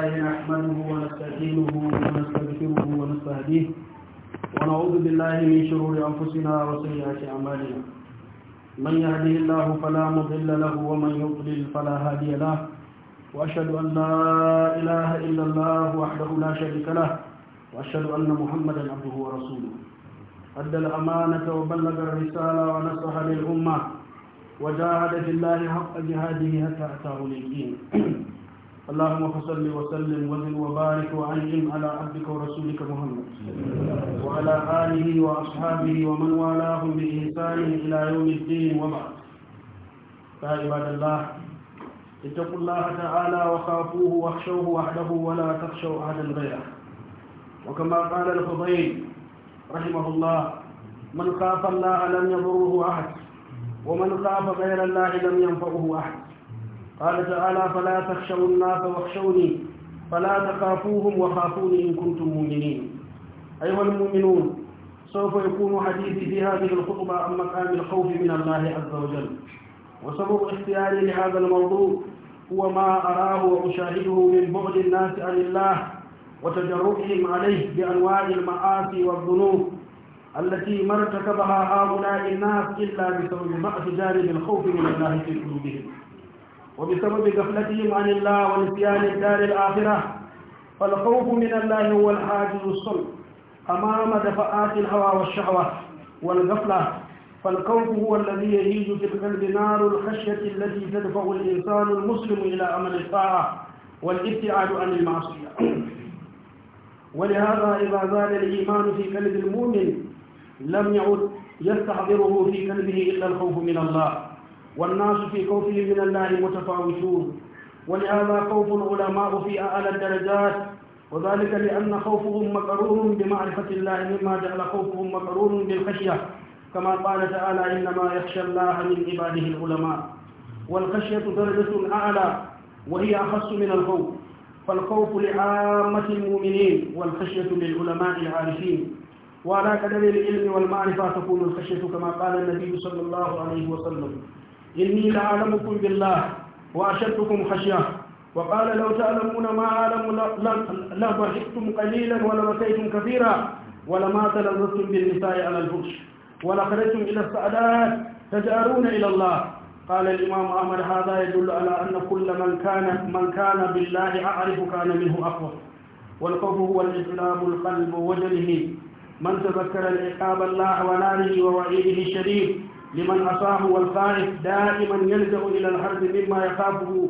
الله نحمده ونستعينه ونستغفره ونستهديه ونعوذ بالله من شرور أنفسنا وسيئات أعمالنا من يهده الله فلا مضل له ومن يضلل فلا هادي له وأشهد أن لا إله إلا الله وحده لا شريك له وأشهد أن محمدا عبده ورسوله أدى الأمانة وبلغ الرسالة ونصح للأمة وجاهد في الله حق جهاده حتى أتاه اليقين اللهم فصل وسلم وزد وبارك وانعم على عبدك ورسولك محمد وعلى اله واصحابه ومن والاهم باحسان الى يوم الدين وبعد يا عباد الله اتقوا الله تعالى وخافوه واخشوه وحده ولا تخشوا احدا غيره وكما قال الفضيل رحمه الله من خاف الله لم يضره احد ومن خاف غير الله لم ينفعه احد قال تعالى فلا تخشوا الناس واخشوني فلا تخافوهم وخافوني إن كنتم مؤمنين أيها المؤمنون سوف يكون حديثي في هذه الخطبة عن مقام الخوف من الله عز وجل وسبب اختياري لهذا الموضوع هو ما أراه وأشاهده من بعد الناس عن الله وتجرؤهم عليه بأنواع المعاصي والذنوب التي ما ارتكبها هؤلاء الناس إلا بسبب بعض جانب الخوف من الله في قلوبهم وبسبب غفلتهم عن الله ونسيان الدار الآخرة فالخوف من الله هو الحاجز الصلب أمام دفعات الهوى والشهوة والغفلة فالخوف هو الذي يهيج في القلب نار الخشية التي تدفع الإنسان المسلم إلى عمل الطاعة والابتعاد عن المعصية ولهذا إذا زال الإيمان في قلب المؤمن لم يعد يستحضره في قلبه إلا الخوف من الله والناس في خوفه من الله متفاوتون ولهذا خوف العلماء في أعلى الدرجات وذلك لأن خوفهم مكروه بمعرفة الله مما جعل خوفهم مكروه بالخشية كما قال تعالى إنما يخشى الله من عباده العلماء والخشية درجة أعلى وهي أخص من الخوف فالخوف لعامة المؤمنين والخشية للعلماء العارفين وعلى قدر العلم والمعرفة تكون الخشية كما قال النبي صلى الله عليه وسلم إني لأعلمكم بالله وأشدكم خشية وقال لو تعلمون ما أعلم لضحكتم قليلا ولبكيتم كثيرا ولما تلذذتم بالنساء على الفحش ولخرجتم إلى السعدات تجأرون إلى الله قال الإمام أمر هذا يدل على أن كل من كان من كان بالله أعرف كان منه أقوى والخوف هو الإسلام القلب وجله من تذكر العقاب الله وناره ووعيده الشريف لمن أصاب والخائف دائما يلجأ إلى الحرب مما يخافه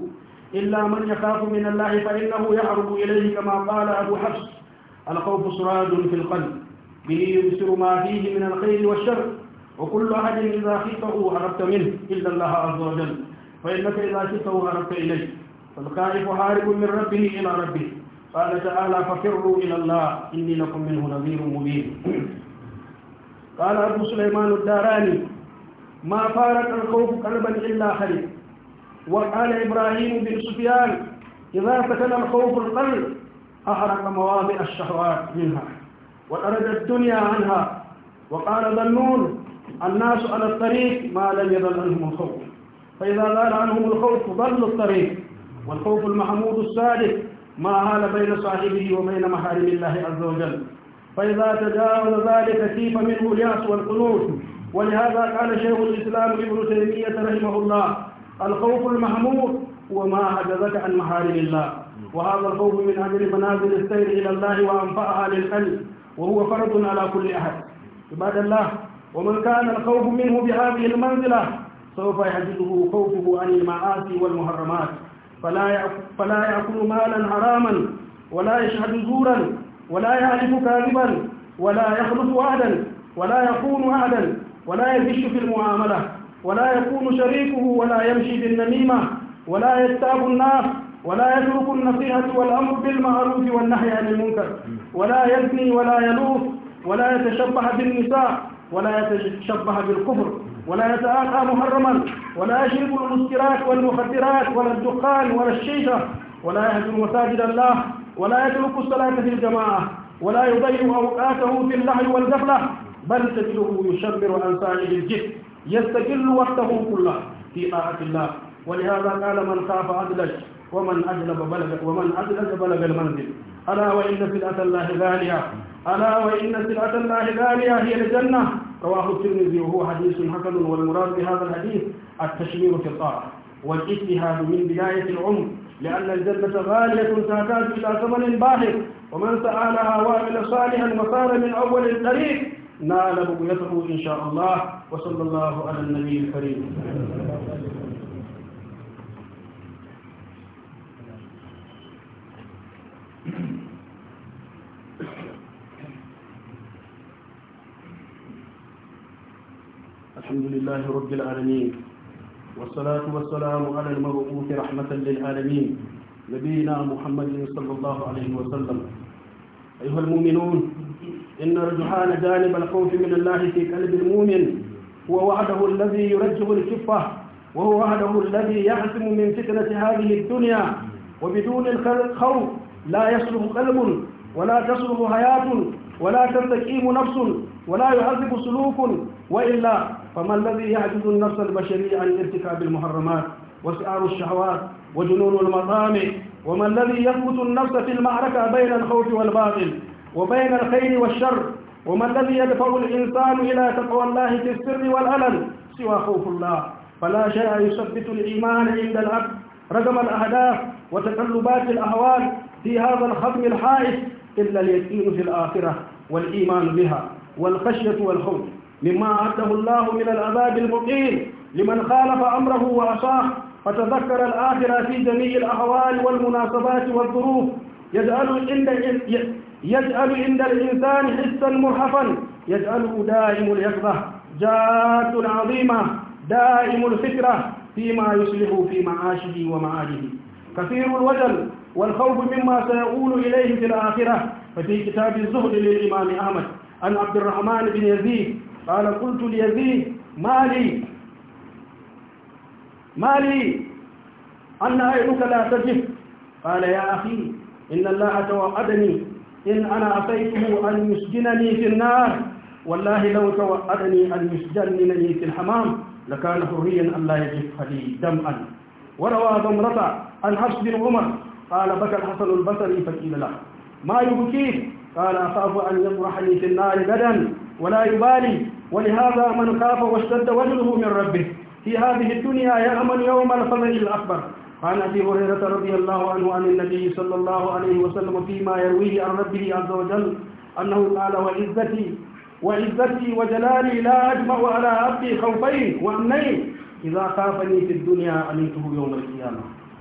إلا من يخاف من الله فإنه يهرب إليه كما قال أبو حفص الخوف سراد في القلب به يبصر ما فيه من الخير والشر وكل أحد إذا خفته هربت منه إلا الله عز وجل فإنك إذا خفته هربت إليه فالخائف هارب من ربه إلى ربه قال تعالى ففروا إلى الله إني لكم منه نذير مبين قال أبو سليمان الداراني ما فارق الخوف قلبا إلا خليل وقال إبراهيم بن سفيان إذا فتن الخوف القلب أحرق مواضع الشهوات منها وأرد الدنيا عنها وقال ظنون الناس على الطريق ما لم يظل عنهم الخوف فإذا زال عنهم الخوف ظل الطريق والخوف المحمود السادس ما هال بين صاحبه وبين محارم الله عز وجل فإذا تجاوز ذلك كيف منه اليأس والقنوط ولهذا قال شيخ الإسلام ابن تيمية رحمه الله الخوف المحمود وما عجزك عن محارم الله وهذا الخوف من أجل منازل السير إلى الله وأنفعها للقلب وهو فرض على كل أحد عباد الله ومن كان الخوف منه بهذه المنزلة سوف يحجزه خوفه عن المعاصي والمحرمات فلا فلا يأكل مالا حراما ولا يشهد زورا ولا يعرف كاذبا ولا يخلص أهلا ولا يخون أهلا ولا يغش في المعاملة ولا يكون شريكه ولا يمشي بالنميمة ولا يتاب الناس ولا يترك النصيحة والأمر بالمعروف والنهي عن المنكر ولا يزني ولا يلوث ولا يتشبه بالنساء ولا يتشبه بالكفر ولا يتآخى محرما ولا يشرب المسكرات والمخدرات ولا الدخان ولا الشيشة ولا يهدم مساجد الله ولا يترك الصلاة في الجماعة ولا يضيع أوقاته في اللهو والغفلة بل تجده يشمر عن سائر الجد يستقل وقته كله في طاعة الله ولهذا قال من خاف أدلج ومن أجلب بلغ ومن أدلج بلغ المنزل ألا وإن سلعة الله غالية ألا وإن سلعة الله غالية هي الجنة رواه الترمذي وهو حديث حسن والمراد بهذا الحديث التشمير في الطاعة والاجتهاد من بداية العمر لأن الجنة غالية تحتاج إلى ثمن باهظ ومن سعى لها وعمل صالحا وصار من أول الطريق نال بغيته إن شاء الله وصلى الله على النبي الكريم الحمد لله رب العالمين والصلاة والسلام على المبعوث رحمة للعالمين نبينا محمد صلى الله عليه وسلم أيها المؤمنون إن رجحان جانب الخوف من الله في قلب المؤمن هو وحده الذي يرجح الكفة وهو وحده الذي يعصم من فتنة هذه الدنيا وبدون الخوف لا يصلح قلب ولا تصلح حياة ولا تستقيم نفس ولا يعذب سلوك وإلا فما الذي يعجز النفس البشرية عن ارتكاب المحرمات وسعار الشهوات وجنون المطامع وما الذي يثبت النفس في المعركة بين الخوف والباطل وبين الخير والشر وما الذي يدفع الإنسان إلى تقوى الله في السر والألم سوى خوف الله فلا شيء يثبت الإيمان عند العبد رغم الأهداف وتقلبات الأهوال في هذا الخطم الحائف إلا اليقين في الآخرة والإيمان بها والخشية والخوف مما أعده الله من العذاب المقيم لمن خالف أمره وأصاح فتذكر الآخرة في جميع الأهوال والمناسبات والظروف يجعل عند يجعل عند الإنسان حسا مرهفا يجعله دائم اليقظة جاد عظيمة دائم الفكرة فيما يصلح في معاشه ومعاده كثير الوجل والخوف مما سيقول إليه في الآخرة ففي كتاب الزهد للإمام أحمد عن عبد الرحمن بن يزيد قال قلت ليزيد ما لي ما لي أن عينك لا تجف قال يا أخي إن الله توعدني إن أنا أتيته أن يسجنني في النار والله لو توعدني أن يسجنني في الحمام لكان حريا أن لا يجف لي دمعا وروى ضمرة عن حفص بن عمر قال بكى الحسن البصري فقيل له ما يبكيك قال أخاف أن يطرحني في النار غدا ولا يبالي ولهذا من خاف واشتد وجهه من ربه في هذه الدنيا يأمن يوم الفضل الأكبر عن أبي هريرة رضي الله عنه عن النبي صلى الله عليه وسلم فيما يرويه عن ربه عز وجل أنه قال وعزتي وعزتي وجلالي لا أجمع على عبدي خوفين وأمنين إذا خافني في الدنيا أمنته يوم القيامة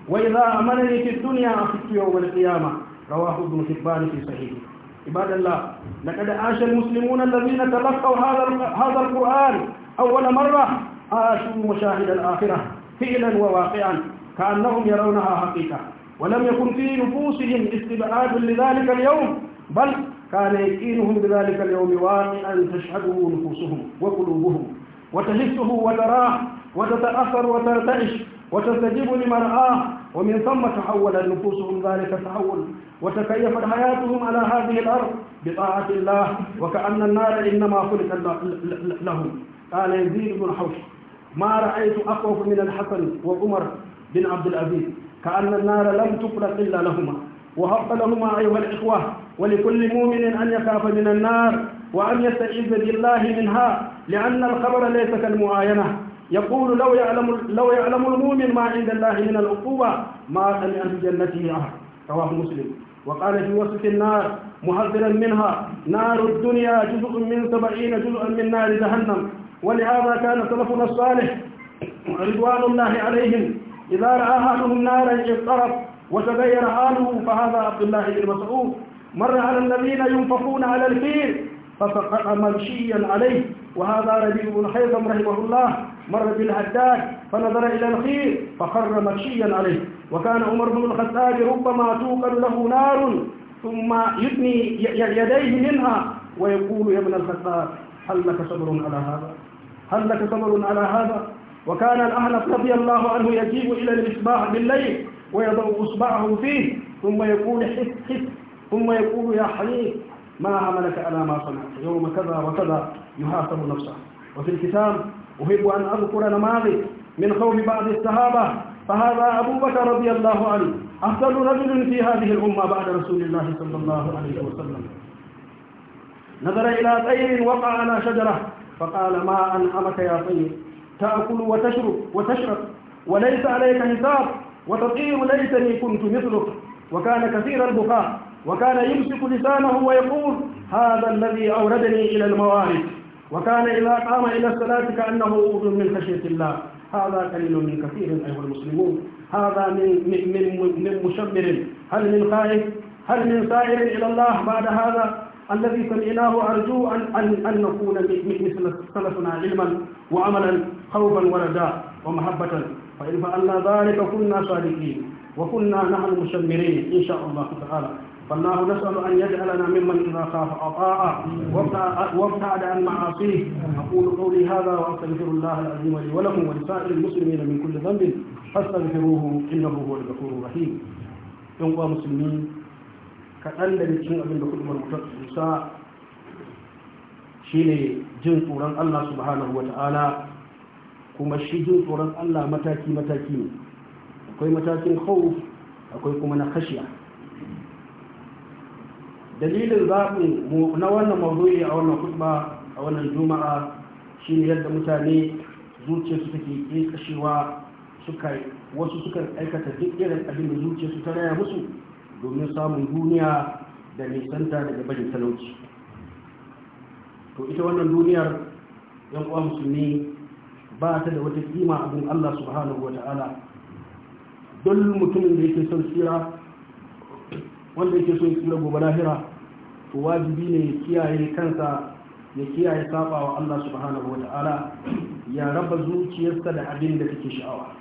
وإذا أمنني في الدنيا أخذت يوم القيامة رواه ابن حبان في صحيحه عباد الله لقد عاش المسلمون الذين تلقوا هذا هذا القرآن أول مرة عاشوا مشاهد الآخرة فعلا وواقعا كأنهم يرونها حقيقة ولم يكن في نفوسهم استبعاد لذلك اليوم بل كان يقينهم بذلك اليوم واقعا تشهده نفوسهم وقلوبهم وتهسه وتراه وتتأثر وترتعش وتستجيب لمرآه ومن ثم تحولت نفوسهم ذلك التحول وتكيفت حياتهم على هذه الأرض بطاعة الله وكأن النار إنما خلقت لهم قال يزيد بن حوش ما رأيت أقوف من الحسن وعمر بن عبد العزيز كأن النار لم تقلق إلا لهما وحق لهما أيها الإخوة ولكل مؤمن أن يخاف من النار وأن يستعيذ بالله منها لأن الخبر ليس كالمعاينة يقول لو يعلم لو يعلم المؤمن ما عند الله من العقوبة ما سمع جنته أحد رواه مسلم وقال في وصف النار محذرا منها نار الدنيا جزء من سبعين جزءا من نار جهنم ولهذا كان سلفنا الصالح رضوان الله عليهم إذا رأى أهلهم نارا اضطرب وتغير حاله فهذا عبد الله بن مسعود مر على الذين ينفقون على الفيل فسقط مغشيا عليه وهذا ربيع بن حيثم رحمه الله مر بالهداد فنظر إلى الخير فخر مغشيا عليه وكان عمر بن الخطاب ربما توقد له نار ثم يثني يديه منها ويقول يا ابن الخطاب هل لك صبر على هذا هل لك صبر على هذا وكان الأحنف رضي الله عنه يجيب إلى المصباح بالليل ويضع إصبعه فيه ثم يقول حس حس ثم يقول يا حليف ما عملك على ما صنعت يوم كذا وكذا يحاسب نفسه وفي الكتاب أحب أن أذكر نماذج من قوم بعض الصحابة فهذا أبو بكر رضي الله عنه أفضل رجل في هذه الأمة بعد رسول الله صلى الله عليه وسلم نظر إلى طير وقع على شجرة فقال ما أنعمك يا طير تأكل وتشرب وتشرب وليس عليك حساب وتطير ليتني كنت مثلك وكان كثير البكاء وكان يمسك لسانه ويقول هذا الذي أوردني إلى الموارد وكان إذا قام إلى الصلاة كأنه أوض من خشية الله هذا قليل من كثير أيها المسلمون هذا من, من, من, من مشمر هل من خائف هل من سائر إلى الله بعد هذا الذي سمعناه أرجو أن, أن, أن نكون مثل سلفنا علما وعملا خوفا ورداء ومحبة فإن فعلنا ذلك كنا صادقين وكنا نحن مشمرين إن شاء الله تعالى فالله نسأل أن يجعلنا ممن إذا خاف أطاع وابتعد عن معاصيه أقول قولي هذا وأستغفر الله العظيم لي ولكم ولسائر المسلمين من كل ذنب فاستغفروه إنه هو الغفور الرحيم يوم مسلمين كأن لم cikin abin da kuɗin rubuta shine jin tsoron Allah subhanahu wata'ala kuma shi jin tsoron Allah mataki mataki ne akwai matakin khawf akwai kuma na khashiya dalilin zaɓin na wannan mawdu'i a wannan khutba a wannan juma'a shine yadda mutane zuciyarsu take kashewa suka wasu suka aikata duk irin abin da zuciyarsu ta raya musu domin samun duniya da nisanta daga barin talauci to ita wannan duniyar yan uwa musulmi ba ta da wata kima abin Allah subhanahu wa ta'ala don mutumin da yake son tsira wanda yake son tsira gobe lahira to wajibi ne ya kiyaye kansa ya kiyaye saba wa Allah subhanahu wa ta'ala ya raba zuciyarsa da abin da take sha'awa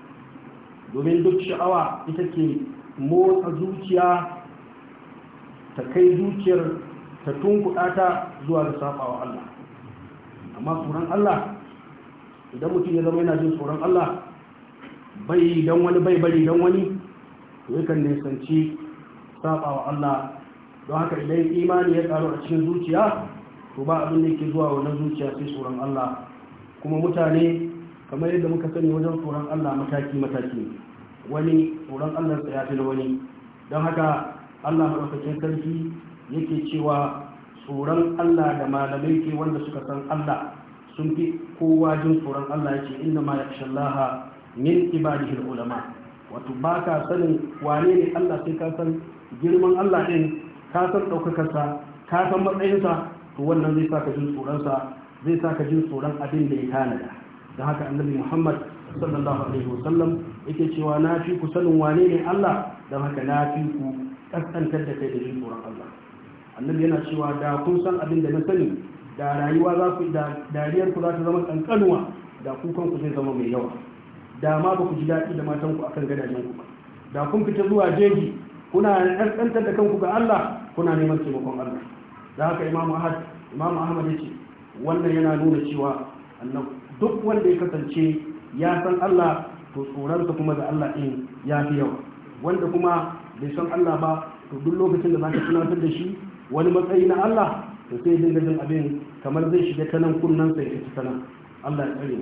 domin duk sha'awa ita ke motsa zuciya ta kai zuciyar ta tunkuɗa ta zuwa da saɓawa Allah amma tsoron Allah idan mutum ya zama yana jin tsoron Allah bai don wani bai bari don wani to kan nisanci saɓawa Allah don haka idan imani ya tsaro a cikin zuciya to ba abin da yake zuwa wannan zuciya sai tsoron Allah kuma mutane kamar yadda muka sani wajen tsoron Allah mataki-mataki wani tsoron Allah ya fi na wani don haka Allah maɗaukakin sarki yake cewa tsoron Allah da malamai ke wanda suka san Allah sun fi kowa jin tsoron Allah ya ce inda ma yakshallaha min ibadihi ulama wato ba ka sanin wane ne Allah sai ka san girman Allah ɗin? ka san ɗaukakarsa ka san matsayinsa to wannan zai sa ka jin tsoronsa zai sa ka jin tsoron abin da ya tanada don haka annabi muhammad sallallahu alaihi wasallam yake cewa na fi ku sanin wane ne Allah don haka na fi ku kaskantar da kai da jin tsoron Allah annabi yana cewa da kun san abin da na sani da rayuwa za ku da dariyar ku za ta zama kankanuwa da ku kanku zai zama mai yawa da ma ba ku ji daɗi da matan ku akan gadajen ku da kun fita zuwa jeji kuna ƙanƙantar da kanku ga Allah kuna neman taimakon Allah da haka imamu ahad imamu ahmad ce wannan yana nuna cewa annab duk wanda ya kasance ya san Allah to tsoronsa kuma da Allah ɗin ya fi yawa wanda kuma bai san Allah ba to duk lokacin da zaka tunatar da shi wani matsayi na Allah to sai yi abin kamar zai shiga ta nan kunnan sai ya ta nan Allah ya tsare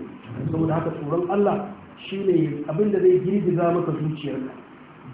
saboda haka tsoron Allah shi ne abin da zai girgiza maka zuciyarka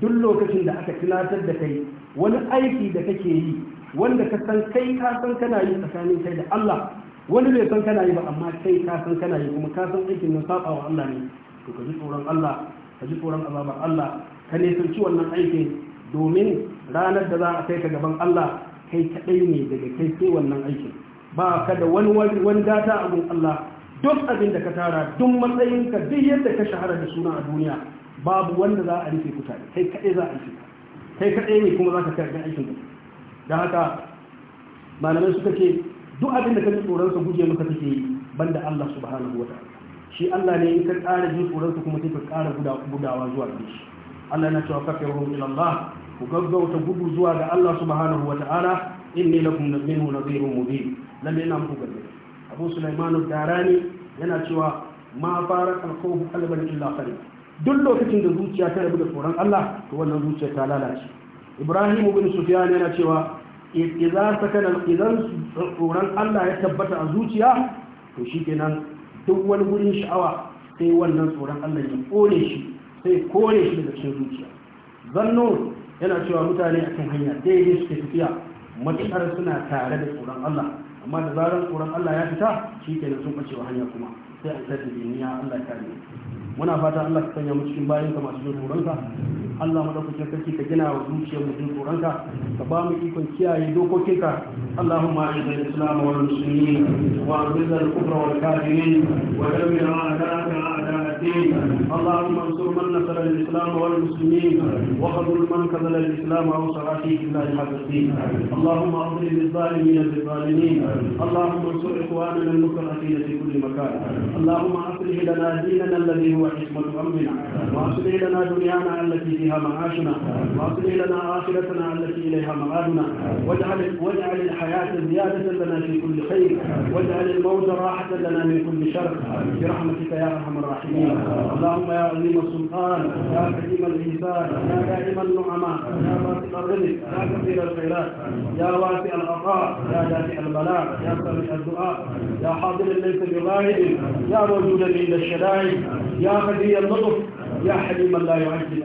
duk lokacin da aka tunatar da kai wani aiki da kake yi wanda ka san kai ka san kana yi tsakanin kai da Allah wani bai san kana yi ba amma kai ka san kana yi kuma ka san aikin nan saba wa Allah ne to ka ji tsoron Allah ka ji tsoron azabar Allah ka nisanci wannan aikin domin ranar da za a kai ka gaban Allah kai kaɗai ne daga kai sai wannan aikin ba ka da wani wani gata abin Allah duk abin da ka tara duk matsayinka duk yadda ka shahara da suna a duniya babu wanda za a rufe kuta kai kadai za a rufe kai kadai ne kuma za ka karɓi aikin ka da haka malamai suka ce duk abin da ka ji tsoron sa guje maka take yi banda Allah subhanahu wataala shi Allah ne in ka ƙara jin tsoron sa kuma sai ka ƙara gudawa zuwa gare shi Allah yana cewa kafiruhum ila Allah ku gaggauta gudu zuwa ga Allah subhanahu wa ta'ala inni lakum minhu nadhirun mubin lalle ina muku gargaɗi Abu Sulaiman Darani yana cewa ma fara alqawhu qalban illa qalb duk lokacin da zuciya ta rabu da tsoron Allah to wannan zuciya ta lalace Ibrahim ibn Sufyan yana cewa idza sakana idan tsoron Allah ya tabbata a zuciya to shikenan duk wani gurin sha'awa sai wannan tsoron Allah ya kore shi sai kore shi daga cikin zuciya zanno yana cewa mutane a kan hanya daidai suke tafiya matuƙar suna tare da tsoron Allah amma da zarar tsoron Allah ya fita shi ke sun ɓacewa hanya kuma sai an da ya Allah ne muna fata Allah ka sanya mu cikin bayan ka masu jin tsoronka Allah mu dauke sarki ka gina wa zuciya mu jin tsoronka ka ba mu ikon kiyaye dokokinka Allahumma a'izz al-islam wal muslimin wa a'izz al-kufra wal kafirin wa dammir a'da'aka a'da'a الدين اللهم انصر من نصر الاسلام والمسلمين وخذل من خذل الاسلام وانصر عشيك الله هذا الدين اللهم اظلم الظالمين بالظالمين اللهم انصر اخواننا المكرهين في كل مكان اللهم اصلح لنا ديننا الذي هو وحكمة أمرنا واصل لنا دنيانا التي فيها معاشنا واصل لنا آخرتنا التي إليها مآبنا واجعل واجعل الحياة زيادة لنا في كل خير واجعل الموت راحة لنا من كل شر برحمتك يا أرحم الراحمين اللهم يا عظيم السلطان يا كريم الإنسان يا دائم النعماء يا باسط الرزق يا كثير الخيرات يا واسع العطاء يا دافع البلاء يا سامع الدعاء يا حاضر ليس بغائب يا موجود عند الشدائد يا لا هي اللطف يا حليما لا يعجل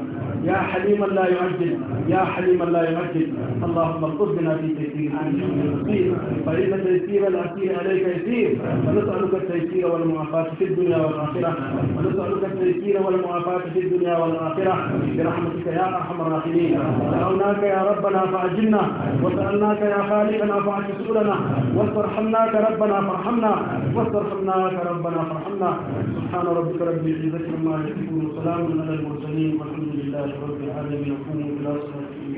يا حليما لا يعجل يا حليما لا يعجل اللهم بنا في تيسير فإن تيسير الأسير عليك يسير فنسألك التيسير والمعافاة في الدنيا والآخرة ونسألك التيسير والمعافاة في الدنيا والآخرة برحمتك يا أرحم الراحمين دعوناك يا ربنا فأجلنا وسألناك يا خالقنا فأعكس لنا واسترحمناك ربنا فارحمنا واسترحمناك ربنا فارحمنا سبحان ربك رب العزة عما يصفون وسلام على المرسلين والحمد لله رب العالمين يقوم بلا صلاة